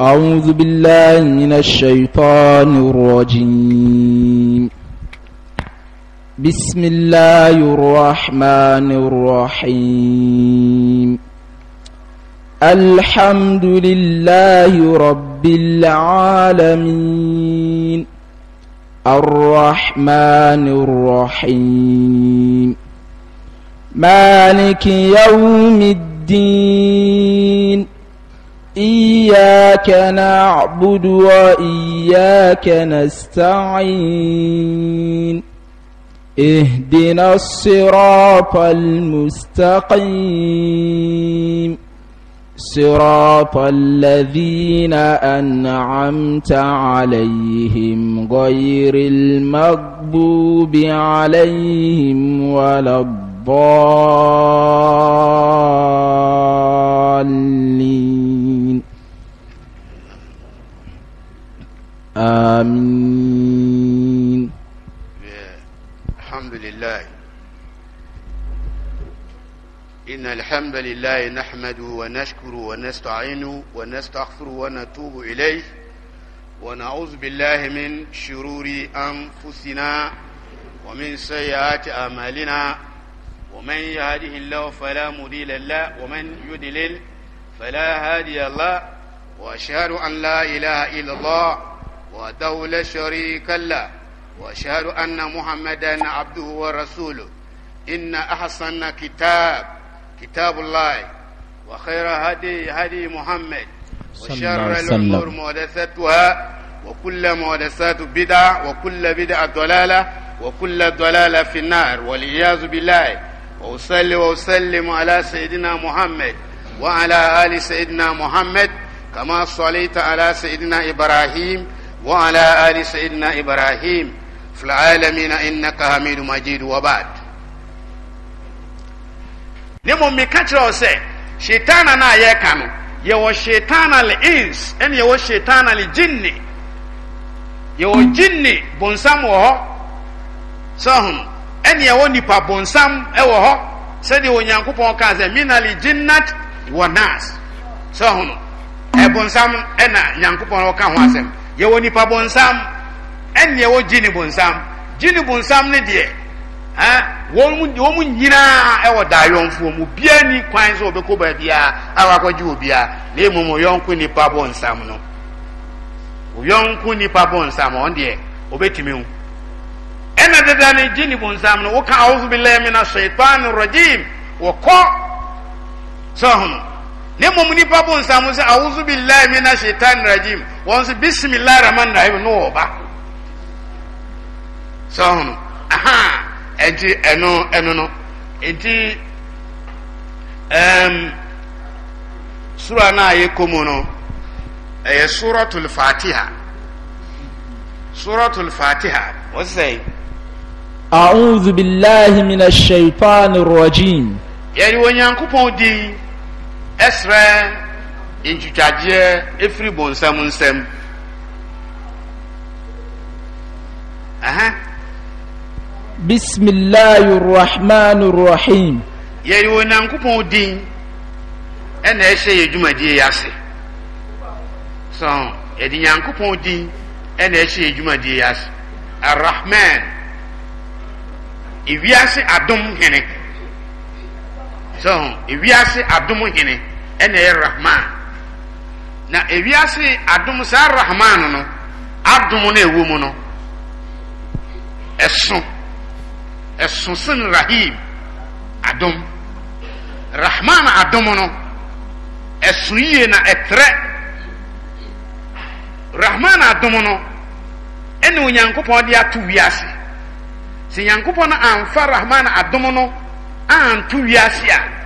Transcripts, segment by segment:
أعوذ بالله من الشيطان الرجيم بسم الله الرحمن الرحيم الحمد لله رب العالمين الرحمن الرحيم مالك يوم الدين إياك نعبد وإياك نستعين اهدنا الصراط المستقيم صراط الذين أنعمت عليهم غير المغضوب عليهم ولا الضالين الضالين آمين الحمد لله إن الحمد لله نحمد ونشكر ونستعين ونستغفر ونتوب إليه ونعوذ بالله من شرور أنفسنا ومن سيئات أعمالنا ومن يهده الله فلا مضل له ومن يضلل فلا هادي الله وأشهد أن لا إله إلا الله وحده لا شريك له وأشهد أن محمدا عبده ورسوله إن أحسن كتاب كتاب الله وخير هدي هدي محمد وشر الأمور محدثاتها وكل محدثات بدعة وكل بدعة ضلالة وكل ضلالة في النار والعياذ بالله وأصلي وأسلم على سيدنا محمد وعلى آل سيدنا محمد كما صليت على سيدنا إبراهيم وعلى آل سيدنا إبراهيم في العالمين إنك حميد مجيد وبعد نمو مكاتر سي شيطانا نا يكانو يو شيطانا الإنس إن يو شيطانا الجن يو جن بنسام وهو سهم إن يو نيبا بنسام وهو سيدي ونيانكو بونكازي من الجنات wanas sɛ hono e ɛbonsam ɛna e nyankopɔn wɔka ho asɛm yɛwɔ nipa bonsam ɛnneɛ e wɔ gyi ne bonsam gyi ne bonsam ne deɛ wɔn mu nyinaa ɛwɔ daayɔnfoɔ mu obiara ni kwan sɛ wɔbɛkɔ baabiara a wakɔgye obiara na mmom ɔyɔnko nipa bonsam no ɔyɔnko nipa bonsam ɔn deɛ ɔbɛtumi ho ɛna dada ne gyi ne bonsam no woka awofo bi lɛɛ mi na shaitan rajim wɔkɔ sɛ hono na mmom nnipa bo nsam sɛ awoso billahi mina shaitan ragim wɔn so bismillahi rahman rahim ne wɔba sɛ hono aha ɛnti ɛno ɛno no nti um, sura no a yɛkɔ mu no ɛyɛ suratul fatiha suratul fatiha wɔ sɛ أعوذ بالله من الشيطان الرجيم يعني ونيانكو بودي ɛsrɛ ntwitwagyeɛ ɛfiri bonsam nsam aha bismillahi rahmani rahim yɛde onyankopɔn din ɛna ɛhyɛ yɛ dwumadie yi ase so yɛde nyankopɔn din ɛna ɛhyɛ yɛ dwumadie yi ase arrahman ewiase adom hene so ewiase adom hene ɛna ɛyɛ rahman na ewiase adom saa rahman no adom no ɛwɔ mu no ɛso ɛso sen rahim adom rahman adom no ɛso yie na ɛtrɛ rahman adom no ɛne onyankopɔn de ato wiase sɛ nyankopɔn no amfa rahman adom no anto wiase a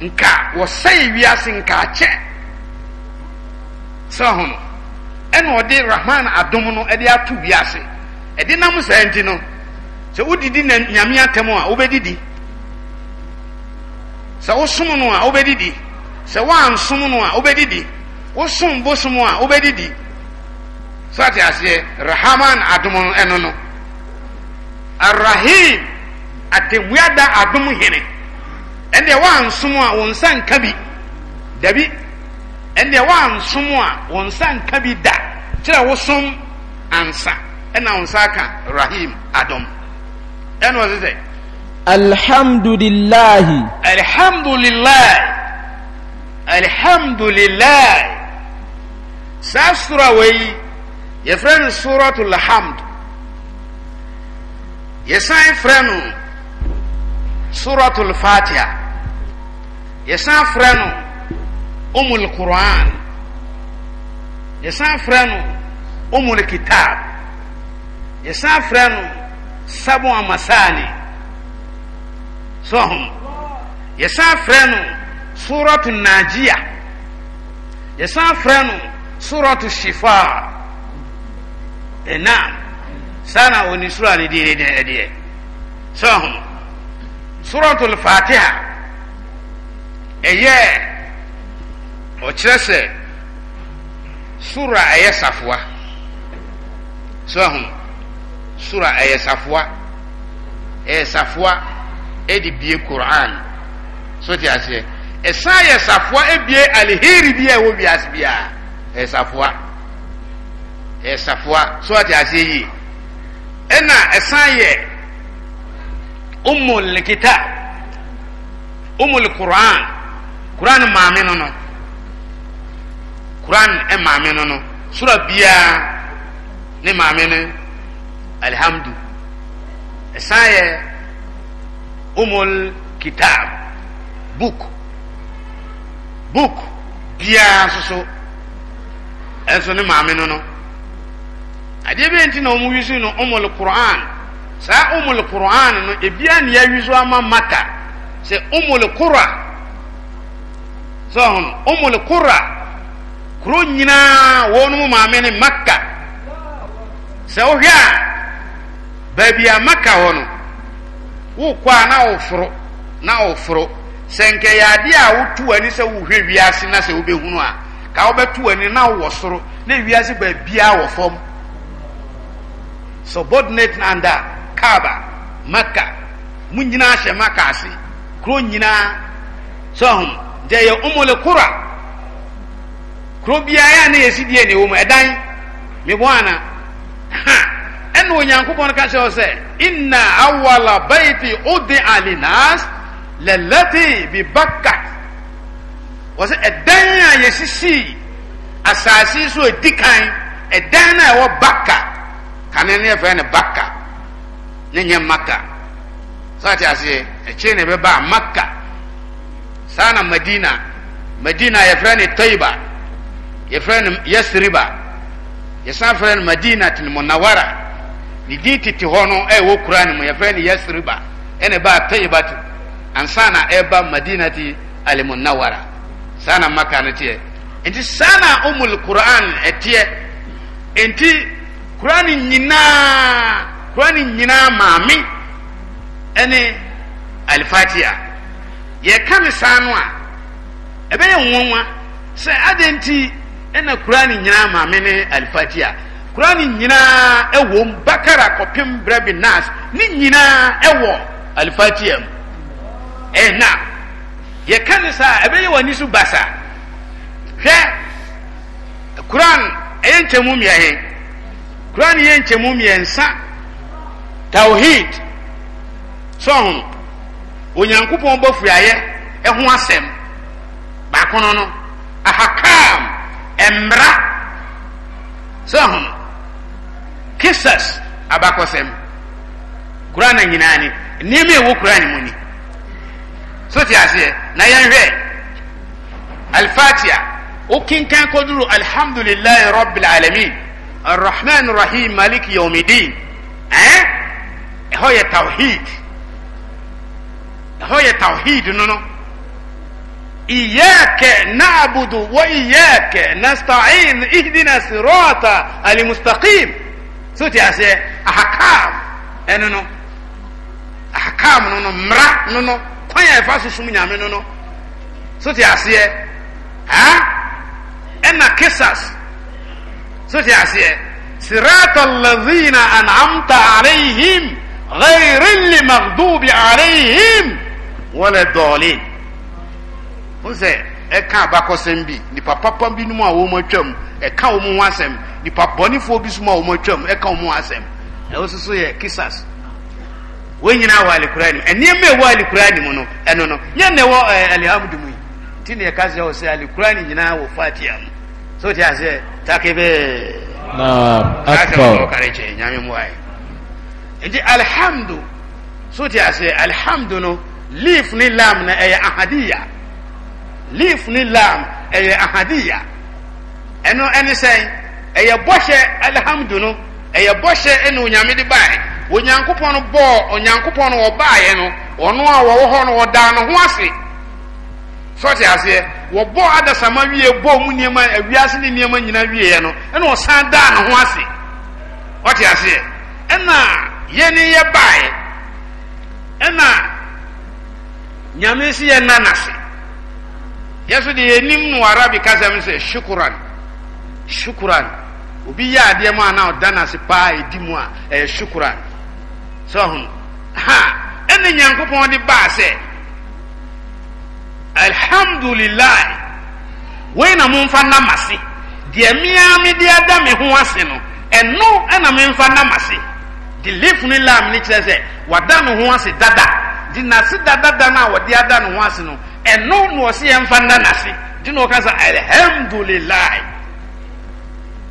nka wɔsɛe wiase nka akyɛ sɛ ho no ɛna ɔde rahman adom no ɛde ato wiase ɛde nam saa nti no sɛ wodidi na nyame atɛm a wobɛdidi sɛ wosom no a wobɛdidi sɛ woansom no a wobɛdidi wosom bosom a wobɛdidi so ate aseɛ rahman adom no ɛno no arrahim atemmuada adom hene ɛndeɛ woansom a wo nsa nka bi dabi ɛndeɛ woansom a wo nsa nka bi da kyerɛ wosom ansa ɛna wo nsa aka rahim adom ɛna ɔse sɛ alhamdulillahi alhamdulillahi alhamdulillahi saa sora wei yɛfrɛ no suratul hamd yɛsan frɛ no suratul fatiha yɛsan frɛ no umul quran yɛsan frɛ no umul kitab yɛsan frɛ no sabu amasani sɔhom yɛsan frɛ no suratul najia yɛsan frɛ no suratul shifa ɛnam saa na wɔn sura ne deɛ deɛ sɔhom suratul fatiha ɛyɛ ɔkyerɛ sɛ sura ɛyɛ safoa so ɛho sura ɛyɛ safoa ɛyɛ safoa ɛde bie quran so te aseɛ ɛsan yɛ safoa ebie alihiri bi a ɛwɔ wiase bi a ɛyɛ safoa ɛyɛ safoa so te aseɛ yie ɛna ɛsan yɛ umul kitab umul quran quran maame no no quran ɛ e maame no no sura biara ne maame no alhamdu ɛsan e yɛ e umul kitab book book biara soso ɛnso ne maame no no adeɛ bi nti na wɔn yi so no umul saa umul qur'an no ebia ne yawi so ama maka sɛ umul qura sɛ ɔhono umul qura kuro nyinaa wɔnom maame ne makka sɛ wohwɛ a baabi a makka hɔ no wokɔ na ofro na woforo sɛ nkɛyɛ adeɛ a wotu ani sɛ wohwɛ wiase na sɛ wobɛhunu a ka wobɛtu ani na wowɔ soro na wiase baabiaa wɔ fam subordinate under kaaba maka mu nyinaa hyɛ maka ase kuro nyinaa sɛ deɛ yɛ umul kura kuro biara ne yɛsi die ne wɔ mu ɛdan mebɔ ana ha ɛna onyankopɔn ka kyerɛ sɛ inna awala baiti udia linas lalati bi bakka wɔ sɛ ɛdan a yɛsisii asase so edi kan ɛdan no ɛwɔ bakka kane ne yɛfrɛ ne bakka ne nyɛ makka saa te aseɛ ɛkyire ne ɛbɛba a makka saa na madina madina yɛfrɛ ne taiba yɛfrɛ ne yasriba yɛsan frɛ ne madina te ne munawara ne din tete hɔ no ɛwɔ kura ne mu yɛfrɛ ne yasriba ɛne baa taiba to ansa na ɛba madina te alimunawara saa na makka no teɛ nti saa na umul qur'an ɛteɛ nti qur'an nyinaa qur'ani nyinaa maame ɛne alifatiha yɛka ne saa no a ɛbɛyɛ nwanwa sɛ adɛn nti ɛna qur'ani nyinaa maame ne alifatiha qur'ani nyinaa ɛwɔ bakara kɔpem brɛbi nas ne nyinaa ɛwɔ alifatiha mu ɛna yɛka ne saa ɛbɛyɛ w'ani so basa hwɛ qur'an ɛyɛ nkyɛmu mmiɛhe qur'an yɛ nkyɛmu mmiɛnsa tawhid sɔhun onyankopɔn bɔfuayɛ ɛho asɛm baako no no ahakam ɛmmra sɔhun kisas abakɔsɛm kuran nyinaa ni nneɛma ɛwɔ kuran mu ni so te aseɛ na yɛnhwɛ alfatia wokenkan kɔduru alhamdulilahi rabbil alamin arrahman rahim maliki yaumidin ɛn eh? ɛhɔ yɛ tawhid ɛhɔ yɛ tawhid no no إياك نعبد وإياك نستعين اهدنا الصراط المستقيم سوتي أسي أحكام أنا إيه، نو أحكام نو نو مرا نو نو كون يفاس سوم نيامي نو نو سوتي أسي ها أنا قصص سوتي أسي صراط الذين أنعمت عليهم غير اللي المغضوب عليهم ولا الضالين nsɛ ɛka abakɔsɛm bi nipa papa bi nom a wɔn atwam ɛka wɔn ho asɛm nipa bɔnifoɔ bi som a wɔn atwam ɛka wɔn ho asɛm ɛwɔ soso yɛ kisas wɔn nyinaa wɔ alikura nim nneɛma ɛwɔ alikura nim no ɛno no yɛn na ɛwɔ ɛɛ alihamudu mu yi ti na ɛka sɛ ɔsɛ alikura nim nyinaa wɔ fatia mu so ti a sɛ takebe. naam akpɔ kaa sɛ ɔkara kyɛn nyame mu ayɛ. nti alhamdu so ti ase alhamdu no leaf ni lam na ɛyɛ ahadiya leaf ne lam ɛyɛ ahadiya ɛno ɛne sɛn ɛyɛ bɔhyɛ alhamdu no ɛyɛ bɔhyɛ ɛna onyame de bae onyankopɔn no bɔɔ onyankopɔn no wɔbaeɛ no ɔno a wɔwɔ hɔ no wɔdaa no ho ase sɔte aseɛ wɔbɔ adasama wie bɔ mu nneɛma awiase e ne nneɛma nyinaa wieɛ no ɛna ɔsan daa ne ho ase ɔte aseɛ ɛna yɛne yɛ baeɛ ɛna nyame si yɛ nan ase yɛso de yɛnim no arabi kasɛm sɛ shukuran shukuran obi yɛ adeɛ mu a na paa ɛdi mu a ɛyɛ shukuran sɛ ha ɛne nyankopɔn de baa sɛ alhamdulilahi wei na momfa nam ase deɛ mea mede ada me ho ase no ɛno ɛna memfa nam ase nti leaf ne lam ne kyerɛ sɛ wada ne ho ase dada nti nase dadada no a wɔde ada ne ho ase no ɛno na ɔse yɛmfa nda nase nti na ɔka sɛ alhamdulilahi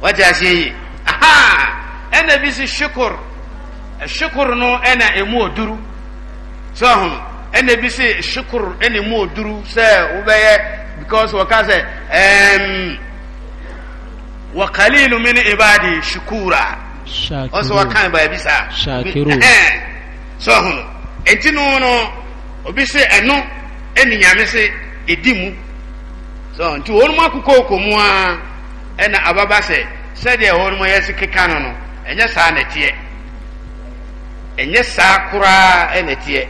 wagye aseɛ yi aha ɛna bi si shukr shukr no ɛna ɛmu ɔduru sɛ ho ɛna bi si shukr ɛna ɛmu ɔduru sɛ wobɛyɛ because wɔka sɛ ɛɛm um, wa qalilu shukura ɔsɛ wɔkan baabi saa sɛ ɔhono ɛnti no no obi sɛ ɛno ɛne nyame mụ ɛdi mu so nti a ɛna ababa sɛ sɛdeɛ wɔnom yɛse keka no no ɛnyɛ saa nɛteɛ ɛnyɛ saa koraa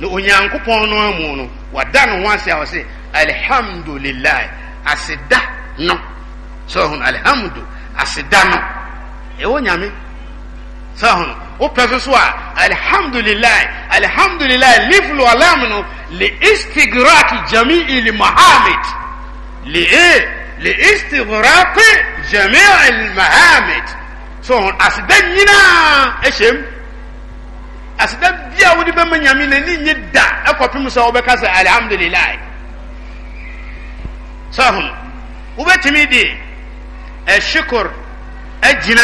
na onyankopɔn no amu no wada ho ase a wɔ se aseda no sɛ aseda no ɛwɔ nyame sɛ ho wopɛ so so a alhamdulilahi alhamdulilahi liflo alam no le istigraki jamii lmahamid le e le istigraki jamii lmahamid so ho aseda nyinaa ɛhyɛm e aseda bia wode bɛma nyame n'ani nye da ɛkɔpem e sɛ wobɛka sɛ alhamdulilahi sɛ ho wobɛtumi de ɛshukr agyina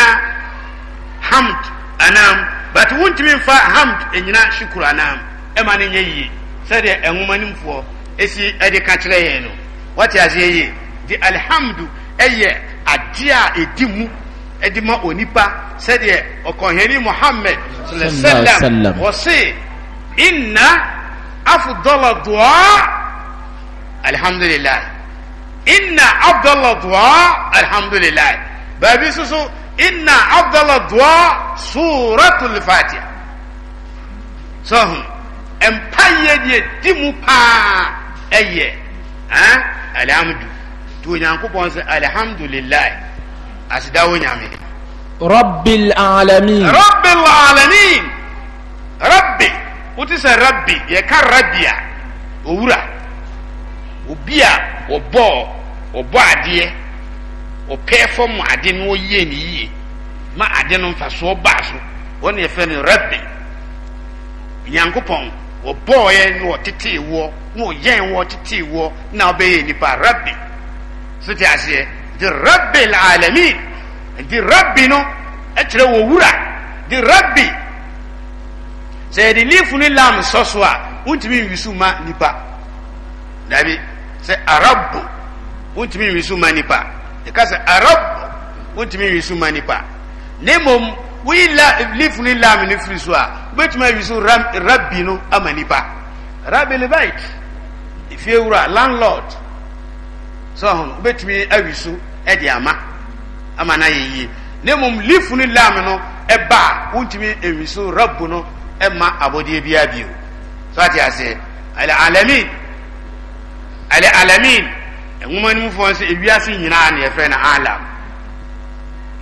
hamd anam but wontumi mfa hamd ɛnyina shukuru anam ɛma no nyɛ yie sɛdeɛ ɛnwoma nimfoɔ ɛsi ɛde ka kyerɛ yɛn no wɔte aseɛ yie de alhamdu ɛyɛ adeɛ a ɛdi mu ɛde ma onipa sɛdeɛ ɔkɔhɛni muhammad sallam wɔse inna afdala dua alhamdulillah inna afdala dua alhamdulillah baabi soso inna afdala duwa suratul fatiha sɔhu mpaayɛ deɛ di mu paa ɛyɛ ɛn alihamdu tu onyankopɔn sɛ alihamdulilayi asidawo nyame. rabbil alamin. rabbil alamin rabbi wote sɛ rabbi yɛka rabbi a owura obi a ɔbɔ ɔbɔ adeɛ ɔpɛɛ fam ade no ɔyie ne yie ma ade no mfasoɔ baa so wɔne yɛfrɛ no rabbi nyankopɔn wɔbɔɔyɛ na ɔtetee woɔ na ɔyɛn wɔ tetee woɔ na ɔbɛyɛ nipa rabbi so te aseɛ de rabbi alamin nti rabbi no ɛkyerɛ wɔ wura de rabbi sɛ yɛde liifu ne lam sɔ so a wontumi nwisu ma nipa dabi sɛ arabu wontumi nwisu ma nipa ka arab wontumi wi so ma nipa na mmom woyi la lif ne lam no firi so a wobɛtumi awi rabbi no ama nipa rabbi levite fie landlord sɛ ho wobɛtumi awi so de ama ama no ayɛ yie na mmom lif ne lam no ɛba a wontumi awi so rabbu no ma abɔdeɛ biara bio so ate alamin, ala alalamin nwoma no mufoɔ sɛ ewiase nyinaa ne yɛfrɛ no alam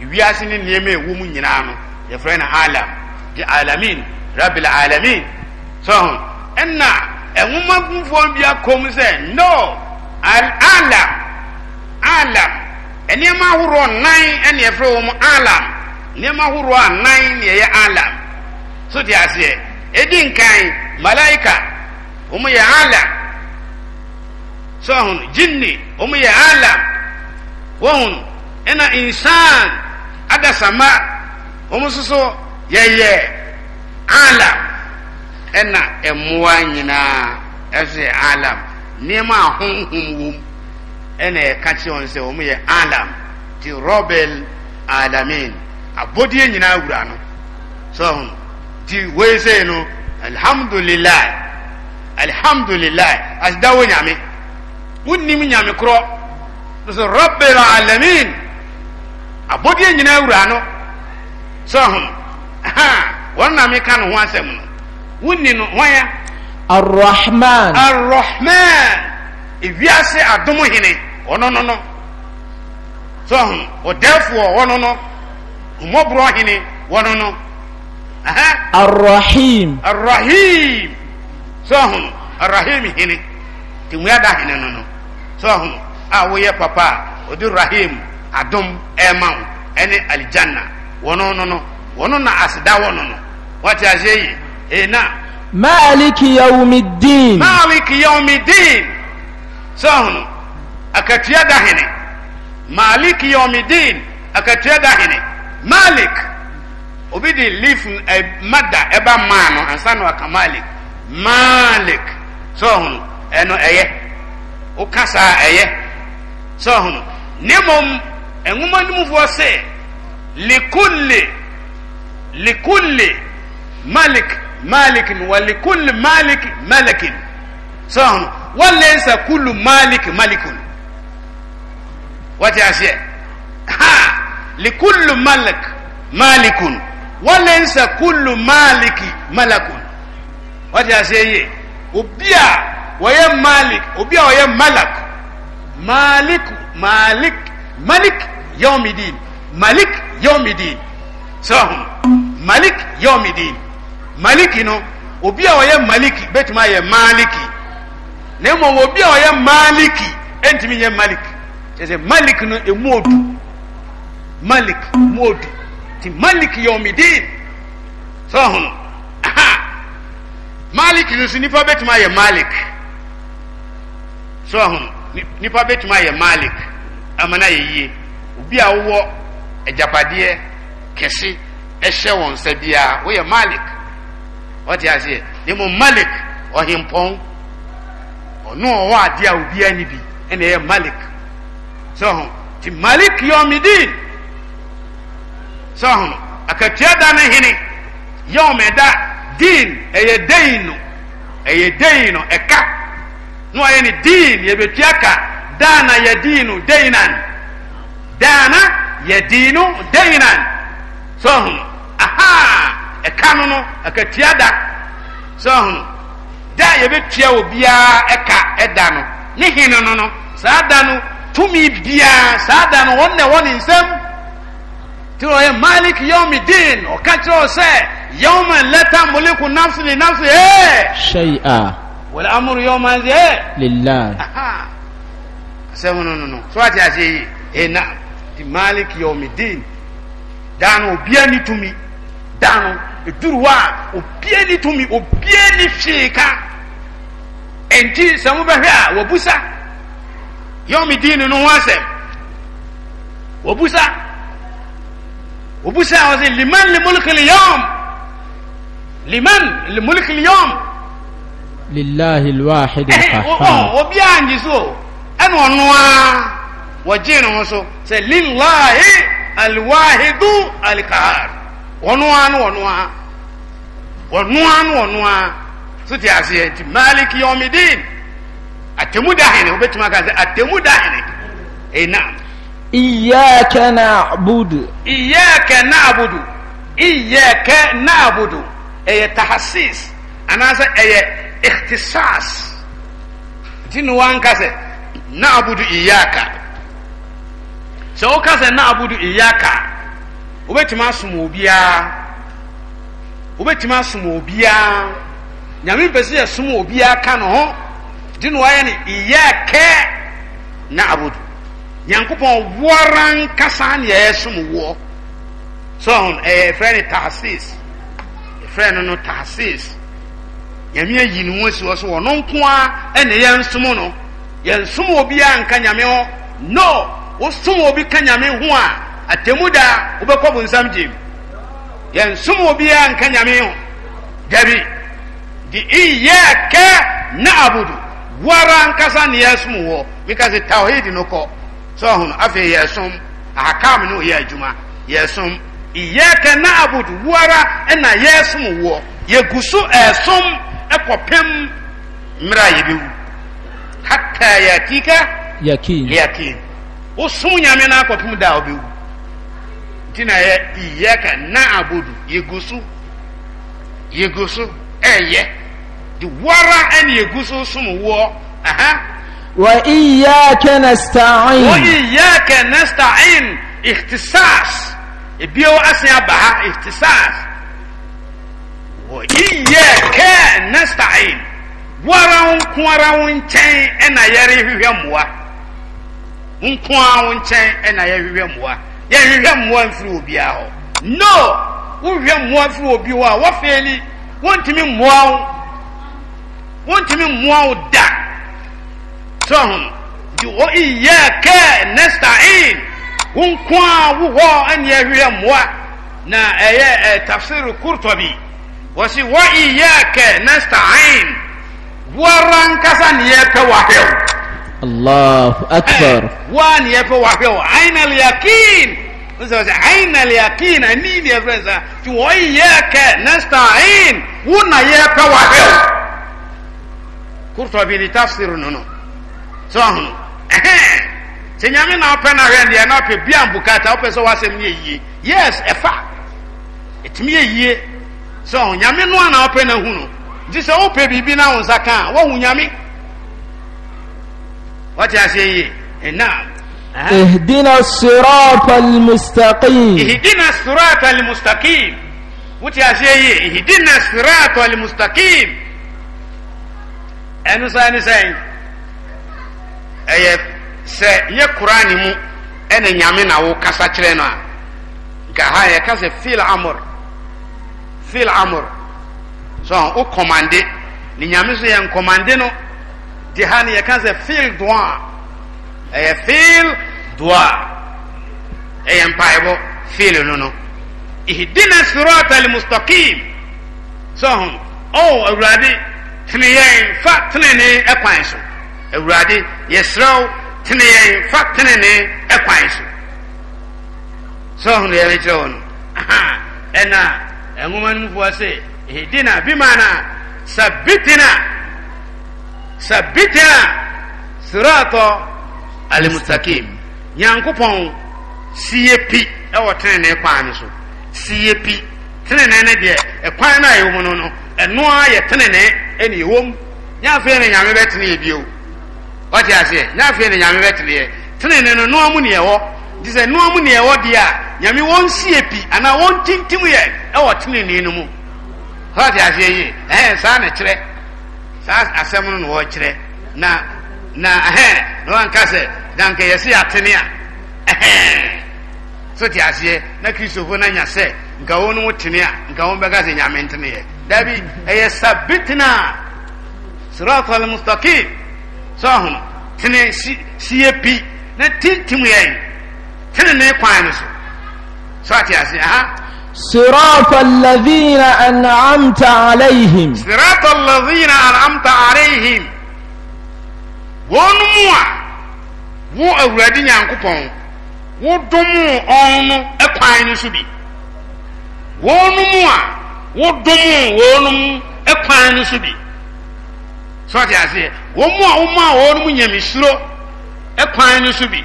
ewiase ne nneɛma ɛwɔ mu nyinaa no yɛfrɛ no alam gye alamin rabbil alamin sɛ ho ɛnna nwoma mufoɔ bi akɔm sɛ no alam alam nneɛma ahoroɔ nan ne yɛfrɛ wɔ mu alam nneɛma ahoroɔ anan ne yɛyɛ alam so te aseɛ ɛdi nkan malaika wɔn yɛ alam so hun jinni ɔmo yɛ alam wɔhun ɛna insan adasama ɔmo soso yɛyɛ alam ɛna ɛmoa nyinaa ɛsɛ alam nneɛma ahohom wom ɛna ɛka kyerɛ wɔn sɛ ɔmo yɛ alam ti rɔbɛl alamin abɔdeɛ nyinaa wura no so hun ti wei sɛ no alhamdulilayi alhamdulilayi asidawo nyame. wonnim nyame korɔ so rabbil alamin abɔdeɛ nyinaa wura no sɛ ho wɔn na meka no ho asɛm no wonni no hwan ya arrahman arrahman ewiase adom hene ɔno no no sɛ ho ɔdɛfoɔ ɔno no mmɔborɔ hene ɔno no arrahim arrahim sɛ ho arrahim hene temu ada hene no no sɔhu a woyɛ papa a rahim adum ɛma wo ɛne alijanna wɔn no no wɔn na aseda wɔn no wɔte aseɛ yi ena. maaliki yawumidin. maaliki diin sɔhu akatua dahene maaliki yawumidin akatua dahene maalik obi de leaf ɛ e, mada ɛba maa no ansa na waka maalik maalik sɔhu ɛno ɛyɛ. woka saa ɛyɛ sɛ ɔhono ne mmom nwoma no mufoɔ se likulle likulle malik malikin wa likulli malik malakin sɛ ɔhono walaysa kullu malik malikun wate aseɛ ha likullu malik malikun walaysa kullu maliki malakun wate aseɛ yie obi a wɔyɛ malik obi a wɔyɛ malak malik malik malik yomidin malik yomidin sɛho malik yomidin malik no obi a wɔyɛ maliki bɛtumi ayɛ maliki na mmom obi a wɔyɛ maliki ɛntumi nyɛ malik kyɛ sɛ malik no ɛmu odu malik mu odu nti malik yawmidin sɛho no aha malik no so nnipa bɛtumi ayɛ malik so ahom nipa bɛtumi ayɛ malik amana no ayɛ yie obi a wowɔ agyapadeɛ kɛse ɛhyɛ wɔn nsa biara woyɛ malik ɔte aseɛ na mmom malik ɔhempɔn ɔno ɔwɔ adeɛ a obiara ni bi ɛna ɛyɛ malik so ahom nti malik yɔmidin so ahom akatua da no hene yɔm ɛda din ɛyɛ den no ɛyɛ den no ɛka na ɔyɛ ne diin yɛbɛtua ka daana yɛ diinu deinan daana yɛ diinu deinan sɛ aha ɛka no no ɛkatua da sɛ ɔhunu da yɛbɛtua wɔ ɛka ɛda no ne hene no no saa da no tumi biara saa da no wɔn na ɛwɔ ne nsam ti ɔyɛ malik yawmi din ɔka kyerɛ ɔ sɛ yawma lɛta moliku nafsi li nafsi ee. Eh! wọlé amúrú yóò máa zẹ́. lillah. sẹ́wọ̀n nù nù sọ àti àṣẹ yìí ẹ̀nà malik yomidin dànù òbíẹ́ ni tumi dànù ìdúrúwà òbíẹ́ ni tumi òbíẹ́ ni fìkà ẹ̀ntì sẹ́wọ̀n bẹ́ẹ̀ hẹ́ à wọ́n busa yomidin nù wọ́n sẹ́m wọ́n busa wọ́n busa wọ́n sẹ́ liman limulkil yom liman limulkil yom lillahi alwahid eh, alqahhar obi oh, oh, oh, anji so ẹnu ọ̀nù a wọ̀jí ìrìn wọn so ṣe lillahi alwahid alqahhar ọ̀nù a ní ọ̀nù a ọ̀nù a ní ọ̀nù a so ti àṣeyẹ ti maliki yomidin àtẹmúdáhìnì ọbẹ̀ tí wọ́n kà sí àtẹmúdáhìnì ẹ̀nà. iyyaka na'budu. iyyaka na'budu iyyaka na'budu ẹ̀yẹ tahasis anaasẹ ẹ̀yẹ. ikhtisas tinuwan kase na abudu iyaka sɛ wo kase na abudu iyaka wobɛtumi asom obiara wobɛtumi asom obiara nyame mpɛ sɛ yɛsom obiara ka no ho di no wayɛ ne iyaka na abudu nyankopɔn wɔra nkasa ne yɛsom woɔ so ɛyɛ frɛ ne tasis frɛ no tasis nyame ayi ne ho asi hɔ so ɔno nko a ɛne yɛnsom no yɛnsom obiaa nka nyame hɔ no wosom obi ka nyame ho a atemu daa wobɛkɔ bonsam gyem yɛnsom obiaa nka nyame ho dabi de iyaka naabudu wara nkasa ne yɛsom wɔ meka sɛ tawhid no kɔ sɛ ɔhono afei yɛsom ahakam ne ɔyɛ adwuma yɛsom na naabudu wara ɛna yɛsom wɔ yɛgu so ɛsom ɛkɔpem mmerɛ a yɛbɛwu hatta yatika yakin wosom nyame no akɔpem da a wobɛwu nti na yɛ iyaka na abodu yɛgu so yɛgu so ɛyɛ de wara ɛne yɛgu so som woɔ aha وإياك نستعين وإياك نستعين اختصاص بيو أسنى بها اختصاص wa iyyaka nasta'in wara nko ara wo nkyɛn ɛna yɛrehwehwɛ mmoa nko ara wo nkyɛn ɛna yɛrehwehwɛ mmoa yɛhwehwɛ mmoa mfiri obiara hɔ no wohwehwɛ mmoa mfiri obi hɔ a wɔfeeli wɔntumi mmoa wo wɔntumi mmoa wo da sɛ ho nti wɔ iyyaka nasta'in wo nko ara wo hɔ ɛne yɛhwehwɛ mmoa na ɛyɛ ɛɛ eh, tafsir kurtɔbi wasi wa iyyaka nasta'in waran kasa ni ya fa wahew Allahu akbar eh, wa ni ya fa wahew aina al-yaqin nzawza aina al-yaqin nini ya friends fi wa iyyaka nasta'in wuna ya fa wahew kurtobi ni tafsir nono so ahun eh nyame na wopɛ no ahwɛ deɛ na wopɛ bia mbukata wopɛ sɛ woasɛm yes ɛfa ɛtumi yɛ yie so nyame no ana wopɛ no ahu no nti sɛ wopɛ biribi no wo nsa ka a woahu nyame wɔte aseɛ yie ɛna اهدنا الصراط المستقيم اهدنا الصراط المستقيم وتي اشي اهدنا الصراط المستقيم انا سان سان اي س يه قران مو انا نيامي نا وو كاسا كيرنا كها يا كاسا في الامر fil amur, so wo commande ni nyame so yɛ nkɔmmande no de ha no yɛka sɛ fil doa ɛyɛ fil doa ɛyɛ mpaebɔ fil no no ihdina sirat almustaqim so ho oh awurade tene yɛn fa tenene ɛkwan so awurade yɛserɛ wo tene yɛn fa tenene ɛkwan so so ho no yɛbɛkyerɛ wɔ no ɛna nwoma no mfoɔ sɛ ihdina bi maana sabitina sabitina siratɔ almustakim nyankopɔn siye pi ɛwɔ tenenee kwan no so cap pi tenenee no deɛ ɛkwan no a yɛwɔ mu no no ɛno yɛ tenenee ɛne ɛwɔ mu nyɛ afei ne nyame bɛtene yɛ bio ɔte aseɛ nyɛ afei ne nyame bɛtene yɛ tenenee no noa mu ne ɛwɔ nti sɛ noa mu neɛ ɛwɔ deɛ a nyame wɔn sie pi anaa wɔn tintim yɛ ɛwɔ tenenee nu mu hɔde ahwɛ yie ɛhɛn saa ne kyerɛ saa asɛm no na wɔrekyerɛ na na ɛhɛn eh, na wɔnka sɛ danka yɛsi atene a ɛhɛn so te aseɛ na kristofo na nya sɛ nka wɔn no mu tene a eh? nka wɔn bɛka sɛ nyame ntene yɛ dabi ɛyɛ sabitena sirotol mustakim sɛ ɔhono tene sie pi na tintim yɛ yi tenenee kwan no so so ate ase aha صراط الذين أنعمت عليهم صراط الذين أنعمت عليهم wɔn mu a wo awurade nyankopɔn wo domo ɔn no kwan no so bi wɔn mu a wo domo wɔn kwan no so bi so ɔte aseɛ mu a wɔn mu a wɔn mu nyamesuro kwan no so bi.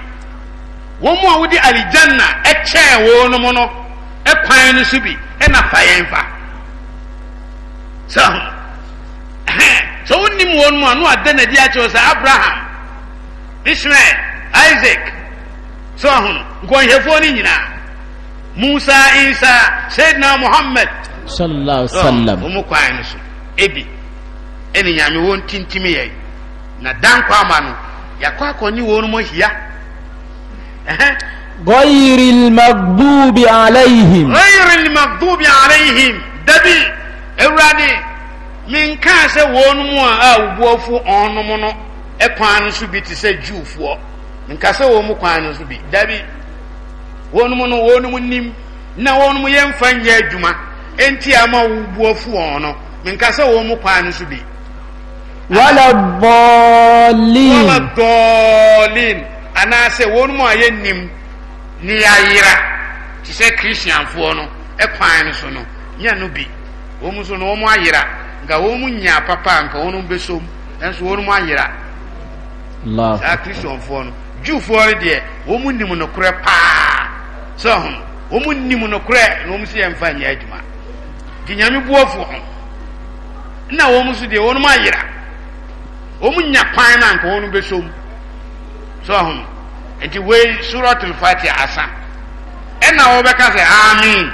wɔn mu a wɔde alijanna ɛkyɛn wɔn no mu no ɛkwan no so bi ɛna fa yɛn fa sɛ sɛ wonim wɔn mu a no ada na di akyɛw sɛ abraham ismael isaac sɛ ɔho nkɔnhwɛfoɔ no nyinaa musa isa sayyidina muhammad sallallahu alaihi wasallam wɔn kwan no so ebi ɛne nyame wɔn tintimi yɛ na dan kwa ama no yɛakɔ akɔ ne wɔn mu ahyia gọ́yìrì magdubi aláìhìm. gọ́yìrì magdubi aláìhìm dabi ewurade mi nka sɛ wɔn mu a awubuafo ɔnom no kwan no so bi te sɛ juufoɔ nka sɛ wɔn mu kwan no so bi dabi wɔn mu no wɔn mu nim na wɔn mu yɛ nfa nyɛ adwuma nti ama awubuafo wɔn no nka sɛ wɔn mu kwan no so bi. wala bɔɔlin. wala bɔɔlin. anaasɛ wɔn mu a yɛnim ne yɛayera te sɛ kristianfoɔ no kwan no so no nya no bi wɔn nso no wɔn ayera nka wɔn mu nya papa nka wɔn mu besom nso wɔn mu ayera saa kristianfoɔ no juufoɔ no deɛ wɔn mu nim no korɛ paa sɛ ɔho wɔn mu nim no korɛ na wɔn si yɛ mfa nyɛ adwuma di nyame buɔfoɔ ho na wɔn nso deɛ wɔn mu ayera wɔn mu nya kwan na nka wɔn mu besom sɛ ɔho. nti wei suratul fatiha asa ɛna wɔbɛka sɛ amin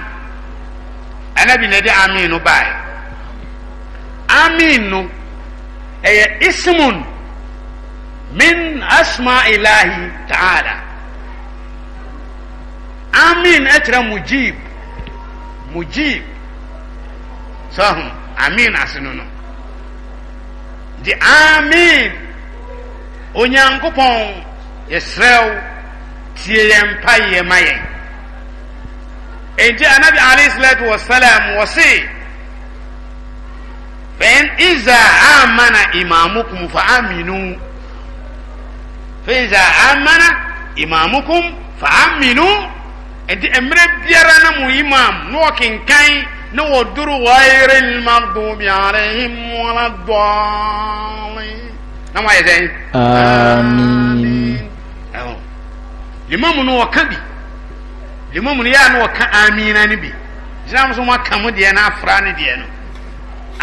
anabi na ɛde amin no baeɛ amin no ɛyɛ ismun min asma ilahi ta'ala amin ɛkyerɛ mujib mujib sɔho amin ase no no nti amin onyankopɔn yɛsrɛ wo tie yɛn mpa yɛ ma yɛn enti anabi alayhi salatu wa wɔ se fɛn iza amana imamukum fa aminu fɛn iza amana imamukum fa aminu enti mmerɛ biara na mo imam na ɔkenkan na wɔduru wɔayere lmagdubi alayhim wala dɔɔlin na mo sɛn. amin. limamu no wɔka bi limamu no yɛa no wɔka amina no bi gyinam so moaka mo deɛ no afra no deɛ no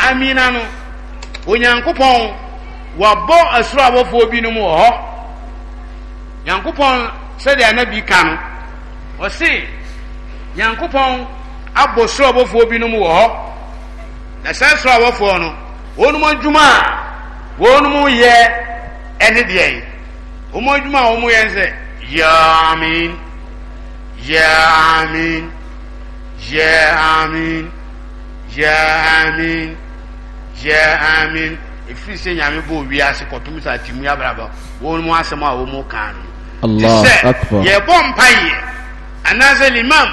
amina no onyankopɔn wɔbɔ asuro abɔfoɔ binom wɔ hɔ nyankopɔn sɛdeɛ na bi ka no ɔse nyankopɔn abɔ soro abɔfoɔ binom wɔ hɔ na saa soro abɔfoɔ no wɔnom adwuma a wɔnom yɛ ɛne deɛ wɔn adwuma a wɔn yɛ sɛ يا امين يا امين يا امين يا امين يا امين efiri sɛ nyame bɔ wiase kɔtom sɛ atimu abraba wɔn mu asɛm a wɔn kan no te sɛ yɛbɔ mpaeɛ anaasɛ limam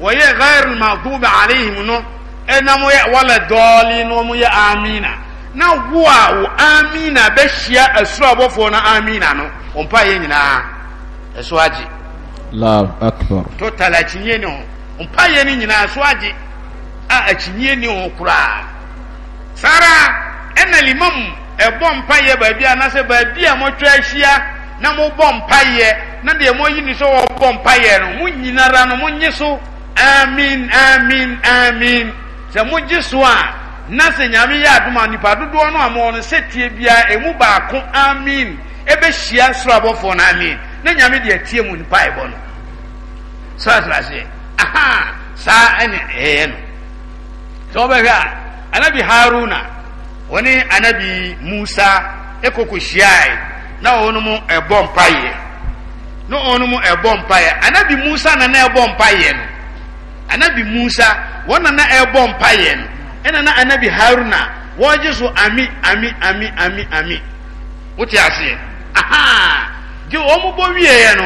wɔyɛ ghairul maghdubi alaihim no ɛnam yɛ wala dɔɔli no wɔn yɛ amina na wo a wo amina bɛhyia asuro abɔfoɔ no amina no ɔmpaeɛ nyinaa ɛso agye to tale akyinnye ne ho mpayɛ no nyinaa so agye a akyinnye ne ho koraa saa ara ɛna limam ɛbɔ e mpayɛ baabi anaasɛ baabi a motwa ahyia na mobɔ mpayɛ na deɛ moayi ni sɛ wɔbɔ mpayɛ no mo nyinara no monye so amin amin amin sɛ mogye so a na sɛ nyame yɛ adom a nnipa dodoɔ no a mowɔ no sɛtie biara ɛmu baako amin ɛbɛhyia sorabɔfoɔ no amin na nyame deɛ tie mu mpaebɔ no so aserɛseɛ aha saa ɛne ɛyɛ no sɛ wobɛhwɛ a anabi haruna wɔne anabi musa ɛkɔkɔhyiae na ɔno mu ɛbɔ mpayɛ na ɔno mu ɛbɔ mpayɛ anabi musa na na ɛbɔ mpayɛ no anabi musa wɔn na na ɛbɔ mpayɛ no ɛna na anabi haruna wɔgye so ami ami ami ami ami wote aseɛ aha ge wɔn bɔ wieɛ no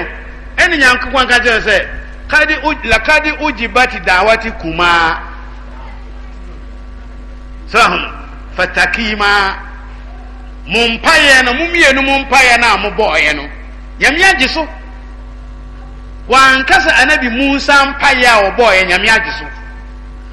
ɛne nyankopɔn ka kyerɛ sɛ kadi lakadi ujibati dawati kuma sahun fatakima mo mpaeɛ no mo mmienu mo mpaeɛ no a mobɔɔeɛ no nyame agye so wankasa anabi musa mpaeɛ a wɔbɔɔeɛ nyame agye so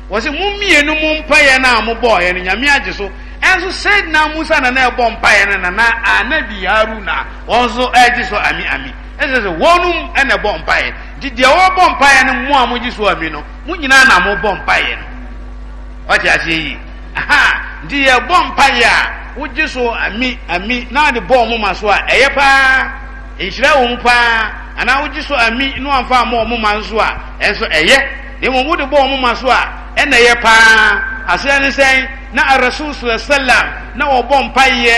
wɔ sɛ mo mmienu mo mpaeɛ no a mobɔɔeɛ no nyame agye so ɛnso sɛdina musa nana na ɛbɔ mpaeɛ no nana na anabi na wọn nso ɛgye so ami ami ɛsɛ sɛ wɔnom ɛna mpa mpaeɛ nti deɛ wɔbɔ mpa no mo a mogye so ami no mo nyinaa na mobɔ mpaeɛ no ɔte aseɛ yi aha nti yɛbɔ eh, mpaeɛ a wogye so ami ami na ade bɔɔ mo ma so a ɛyɛ eh, paa nhyira wɔ mu paa anaa wogye so ami na wamfa ama ɔmo ma nso a ɛnso ɛyɛ na mmom wode bɔɔ mo ma so a ɛna eh, ɛyɛ paa aseɛ ne sɛn na arasul salam na wɔbɔ mpaeɛ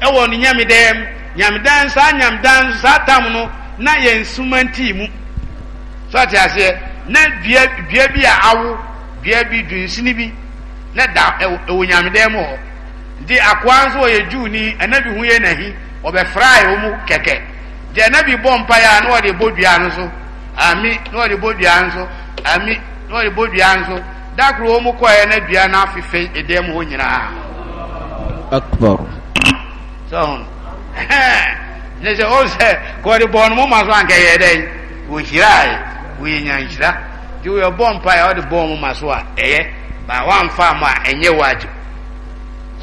ɛwɔ ne nyamedan nyamedan saa nyamedan saa tam no na yɛn suma ntii mu so ate aseɛ na dua dua bi a awo dua bi dunsini bi na da ɛwɔ nyamedan mu hɔ nti akoa nso ɔyɛ juu ni anabi ho yɛ nahi ɔbɛfra a ɛwɔ mu kɛkɛ deɛ anabi bɔ mpaeɛ a na wɔde bɔ dua no so ami na wɔde bɔ dua no so ami na wɔde bɔ dua no so. da wɔn mu kɔɛ na dua na afefe ɛdan mu hɔ nyinaa. akbar. so ne sɛ o sɛ kɔɔde bɔn mu ma so anka yɛ dɛ wò hyira yɛ yɛ nya nhyira ti yɛ mpa yɛ bɔn mu ma so a ba wa nfa mu a ɛnyɛ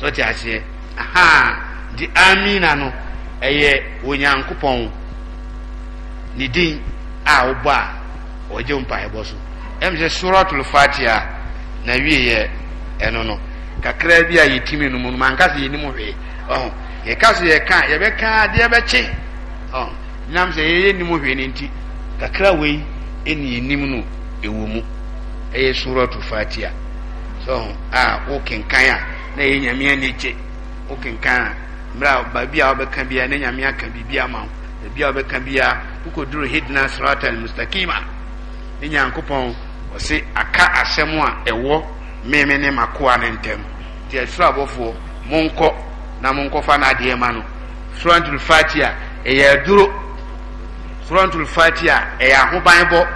aseɛ ahan di amina no ɛyɛ ne din a a ɔgye mpa yɛ bɔ so ɛmu sɛ na wieɛ ɛno no kakra bi a yɛtumi no mu no manka sɛ yɛnim hwee ɔho yɛka so yɛka yɛbɛka adeɛ bɛkye ɔho nam sɛ yɛyɛ nim hwee no nti kakra wei ɛne yɛnim no ɛwɔ mu ɛyɛ suratu fatia so a wokenkan a na ɛyɛ nyame ani gye wokenkan a mmerɛ baabi a wobɛka bia na nyame aka biribia ma wo baabi a wobɛka bia wokɔduru hidna sirata almustakima ne nyankopɔn ɔsi aka asɛm a ɛwɔ mímí ne makoa ne ntɛm ti ɛsoro abɔfoɔ monkɔ na monkɔfa n'adeɛ ma no surantul fatia ɛyɛ aduro surantul fatia ɛyɛ ahobanbɔ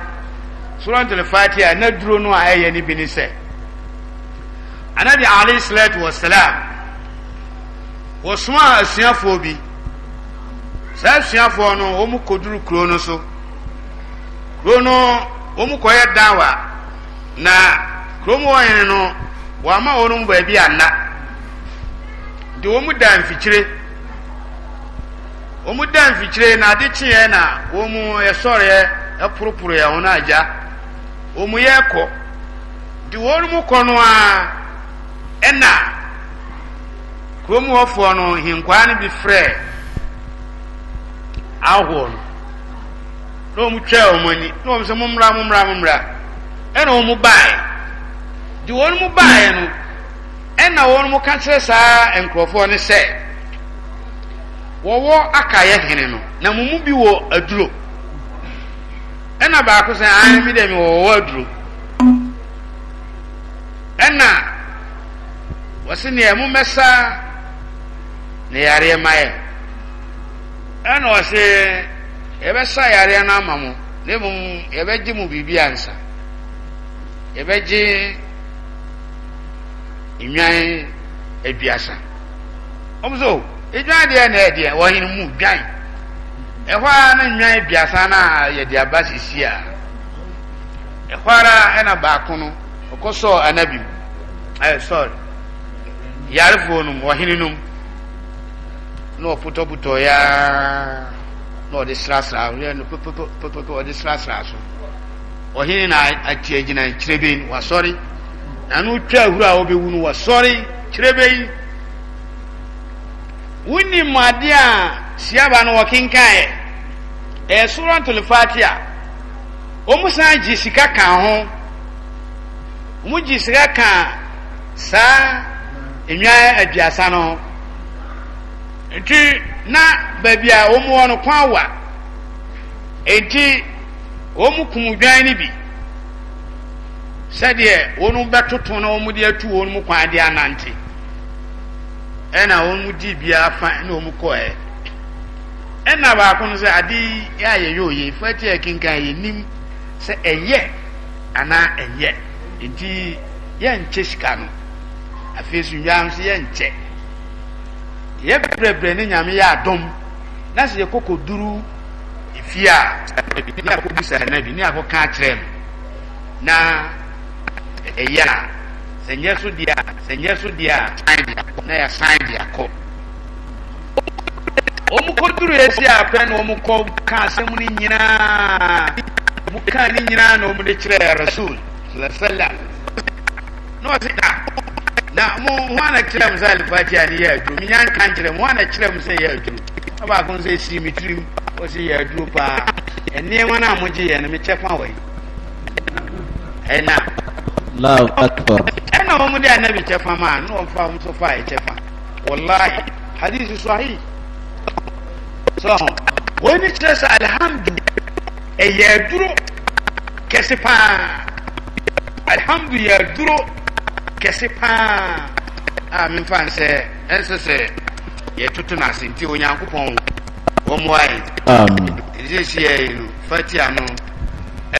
surantul fatia na duro no a ɛyɛ ne bi ne sɛ anabi alayhi salatu wa salam wɔsoma asuafoɔ bi saa asuafoɔ no wɔn kɔduru kuro no so kuro no wɔn kɔyɛ dawa na kurom wɔn no wɔama wɔn baabi ana de wɔn da mfikyire wɔn da mfikyire na ade kyeɛ na wɔn ɛsɔreɛ ɛporoporo yɛn wɔn agya wɔn yɛ kɔ de wɔn mu kɔ no a ɛna kurom hɔfoɔ no hinkwaa no bi frɛ ahoɔ no na wɔn twɛ wɔn ani na wɔn sɛ mommra mommra mommra ɛna wɔn baeɛ de wɔn mu baeɛ no ɛna wɔn mu ka kyerɛ saa nkurɔfoɔ no sɛ wɔwɔ akaeɛ hene no na mo mu bi wɔ aduro ɛna baako sɛ an mi dɛ mi wɔwɔ aduro ɛna wɔsi nea mo mɛsa ne yareɛ mayɛ ɛna wɔsi. yɛbɛsa yareɛ no ama mo na mmom yɛbɛgye mu biribi ansa yɛbɛgye nnwan aduasa ɔm so edwan deɛ na ɛdeɛ wɔhene mu dwan ɛhɔ ara no nnwan aduasa no a yɛde aba sisi a ɛhɔ ara ɛna baako no ɔkɔ sɔɔ anabi mu ɛyɛ sɔɔre yarefoɔ nom wɔhene nom na ɔpotɔpotɔ yaa na ɔde srasra awurɛ no pɛpɛpɛpɛ ɔde srasra so ɔhene na atia gyina kyerɛbɛn wasɔre na no twa ahuru a wɔbɛwu no wasɔre kyerɛbɛn wonim adeɛ a siaba no wɔkenkaeɛ ɛyɛ sora ntolefate a wɔn san gye sika ka ho wɔn gye sika ka saa nnwa aduasa no ho nti na baabi a wɔn wɔ no kwan wa nti wɔn kum dwan no bi sɛdeɛ wɔn bɛtoto na wɔn de atu wɔn mu kwan de anante ɛna wɔn mu di biara fa na wɔn kɔɛ ɛna baako no sɛ ade yɛ a yɛyɛ oye fati a yɛ nim sɛ ɛyɛ anaa ɛnyɛ nti yɛnkyɛ sika no afei so nyaa nso yɛnkyɛ yɛbrɛbrɛ ne nyame yɛ adom na sɛ yɛkɔkɔ duru fie a ne akɔbu sana bi ne akɔka akyerɛ no na ɛyɛ a sɛ nyɛ so deɛ a sɛ nyɛ so deɛ a na yɛsan deɛ kɔ wɔn kɔduru esi apɛ na wɔn kɔ ka asɛm no nyinaa wɔn ka ne nyinaa na wɔn de kyerɛ rasul sɛlɛsɛlɛ na wɔsi ta. Ah, na mu wana kyerɛ mu sɛ alifatiya ne yɛ aduro menya nka nkyerɛ mu wana kyerɛ mu sɛ yɛ aduro na baako nso esi mi tirim ɔsi yɛ aduro paa nneɛma no a mogye yɛ no mekyɛ fa wɔ yi ɛna Allahu akbar ɛna wɔn mu de anabi kyɛ fa ma na wɔn fa wɔn nso fa yɛ kyɛ fa wallahi hadisi sahi so wɔn ni kyerɛ sɛ alihamdu ɛyɛ e aduro kɛse paa alihamdu yɛ aduro kɛse paa a memfa n sɛ ɛnsɛ sɛ yɛtoto no ase nti onyankopɔn wɔmmoa yɛ ɛsiesie yɛ no fatia no